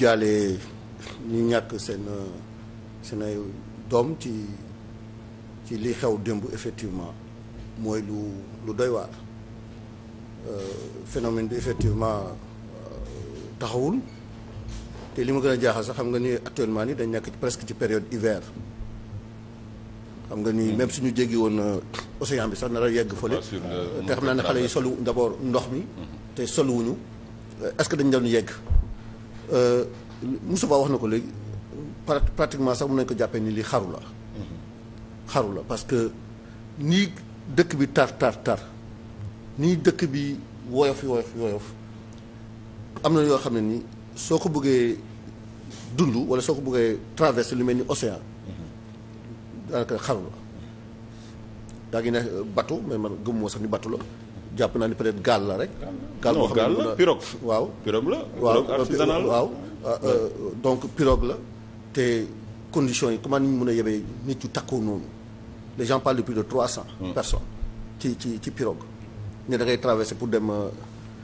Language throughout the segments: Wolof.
jàllee ñu ñàkk seen seen ay doom ci ci li xew démb effectivement mooy lu lu doy waar euh, phénomène bi effectivement euh, taxawul te li ma gën a jaaxal sax xam nga ni actuellement ni dañ nekk presque ci période hiver xam nga ni hmm. même suñu jéggi woon euh, océan bi sax na a yegg fële te xam naa ne xale yi solu d'abord ndox mi hmm. te soluwuñu est-ce que dañ doon yegg Euh, Moustapha wax na ko léegi pratiquement sax mun nañ ko jàppee nii lii xaru la xaru la parce que nii dëkk bi tar tar tar nii dëkk bi woyof woyof woyof am na yoo xam ne nii soo ko bëggee dund wala soo ko bëggee traverser lu mel ni océan daanaka xaru la daa ngi ne bateau mais man gëmuma sax ni bateau la jàpp naa ni peut-être gaal la rek. gaal boo xam ne pirogue waaw pirogue la. pirogue euh, artisanal waaw euh, euh, donc pirogue la te condition yi comment ñu mun a yebee nit yu takkoo noonu les gens parlent de plus de trois cents hmm. personnes ci ci ci pirogue ne da ngay traverser pour dem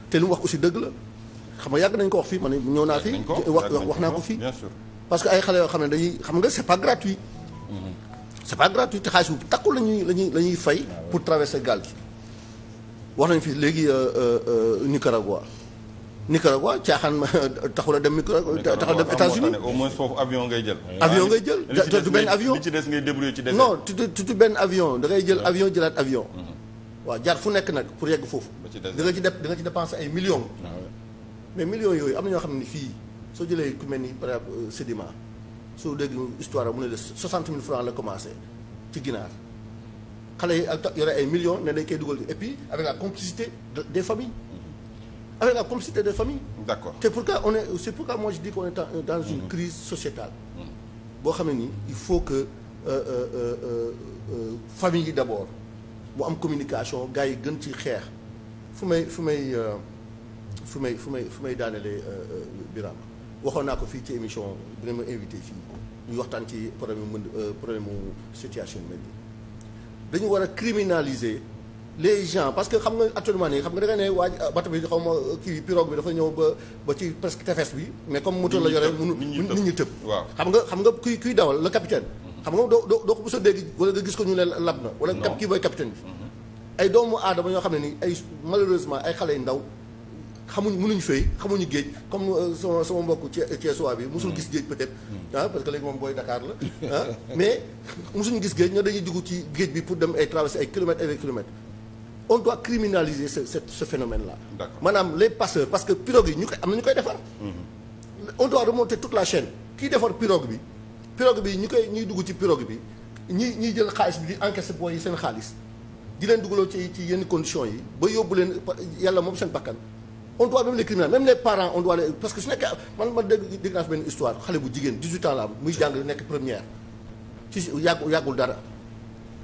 te lu mu wax aussi dëgg la xam nga yàgg nañ ko wax fii man ñëw naa fi wax wax naa ko fii parce que ay xale yoo xam ne dañuy xam nga c'est pas gratuit hmm. c'est pas gratuit te xaalis bu takkul lañuy lañuy la ñuy fay ah pour traverser gaal gi wax nañ fi léegi euh, euh, euh, Nicaragua Nicaragua caaxaan taxul a dem Nicaragua taxul a dem États-Unis au moins foofu avion ngay jël. avion ngay jël du benn avion li ci des ngay débrouiller ci benn avion da ngay jël avion jëlaat avion. Mhm. waa jaar fu nekk nag pour yegg foofu. da nga ci def da nga ci dépenser ay million ah mais millions yooyu am na ñoo xam ne fii soo jëlee ku mel ni par exemple sédiment soo dégg histoire mu ne la 60 000 francs la commencé ci ginaar. xale yi ak yore ay millions ne dañ koy dugal et puis avec la complicité des familles avec la complicité des familles d'accord c'est pourquoi on est c'est pourquoi moi je dis qu'on est dans une mm-hmm. crise sociétale mm-hmm. boo xam ne nii il faut que euh, euh, euh, famille yi d'abord mu am communication gars yi gën ci xeex fu may fu may fu may fu may fu may daanelee Birame waxoon naa ko fii ci émission bi ne ma invité fii ñu waxtaan ci problème mu mën problème mu situation mel bi dañu war a criminaliser les gens parce que xam nga actuellement nii xam nga da nga ne waaj bato bi xaw ma kii pirogue bi dafa ñëw ba ba ci presque tefes bi mais comme moteur la yore mënu nit ñi tëb waaw xam nga xam nga kuy kuy dawal la capitaine xam nga doo doo ko mos a dégg wala nga gis ko ñu ne lab na wala kii booy capitaine bi mhm. ay doomu aadama ñoo xam ne nii ay malheureusement ay xale yu ndaw xamuñ mënuñ fay xamuñu géej comme euh, sama sama mbokk Thiessois bi musul gis géej peut-être hmm. ah parce que léegi moom booy Dakar la ah mais musuñu gis géej ñoo dañuy dugg ci géej bi pour dem ay traverser ay kilomètres et des kilomètres on doit criminaliser ce ce, phénomène là maanaam les passeurs parce que pirogue yi ñu koy am na ñu koy defar hmm. on doit remonter toute la chaine kiy defar pirogue bi pirogue bi ñu koy ñuy dugg ci pirogue bi ñi ñiy jël xaalis bi di encaisser booy yi seen xaalis di leen dugaloo ci ci yenn conditions yi ba yóbbu leen yàlla moom seen bakkan on doit même les criminels même les parents on doit parce que su nekkee man man dégg dégg naa fi benn histoire xale bu jigéen 18 ans la muy jàng nekk première ci yàggu yàggul dara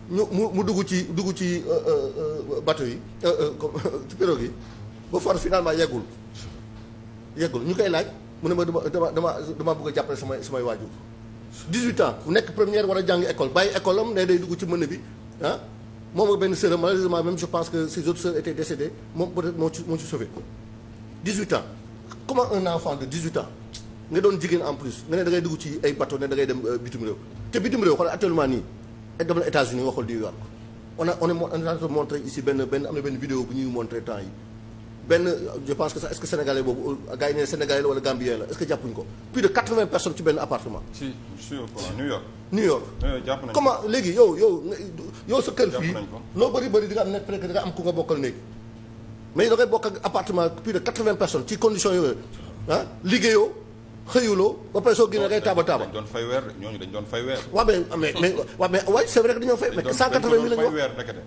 ñu mu mu dugg ci dugg ci euh, euh, euh, bateau yi ci pirogue yi ba far finalement yeggul yeggul ñu koy laaj mu ne ma dama dama dama dama bëgg a jàppale samay samay waajur 18 ans ku nekk première war a jàng école bàyyi école am ne day dugg ci mën bi ah moom ak benn sœur malheureusement même je pense que ses autres sœurs étaient décédées moom moo ci moo ci 18 ans comment un enfant de 18 ans nga doon jigéen en plus nga ne da ngay dugg ci ay bateau ne da ngay dem euh, bitim réew te bitim réew xoolal actuellement nii dem na États-Unis nga xool di New York on a on est on est en train de montrer ici benn benn am na benn vidéo bu ñuy montrer temps yi benn je pense que sax est-ce que sénégalais boobu euh, gars yi ne sénégalais la wala gambien la est-ce que jàppuñ ko plus de 80 personnes ci benn appartement. si si New York. New York jàpp nañ ko comment léegi yow yow yow sa kër fii. jàpp nañ ko loo bëri bëri di nga am nekk da nga am ku nga bokkal néeg. mais da ngay bokk ak appartement plus de quatre-vingts personnes ci condition yooyu ah liggéeyoo xëyuloo ba pare soo génnee ngay taaba taaba. dañ doon fay weer ñooñu dañ doon fay weer. waaw mais mais mais mais waay c'est vrai dañoo fay. dañ cent quatre-vingt mille lañu wax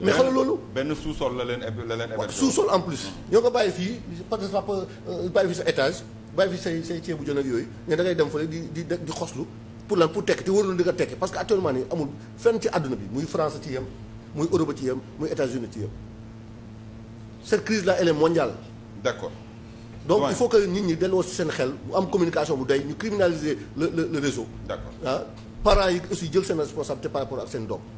mais xoolal loolu. benn sous la leen la leen héberger sous en plus. ñoo hmm. ko bàyyi fii parce que euh, bàyyi fi sa étage bàyyi fi say say ceebu jën yooyu mais da dem fële di di di xoslu pour lan pour tekki te wóorul di parce que actuellement nii amul fenn ci àdduna bi cette crise là elle est mondiale. d'accord donc il faut que nit ñi delloo si seen xel bu am communication bu doy ñu criminaliser le le le réseau. d'accord ah parents yi aussi jël seen responsabilité par rapport ak seen doom.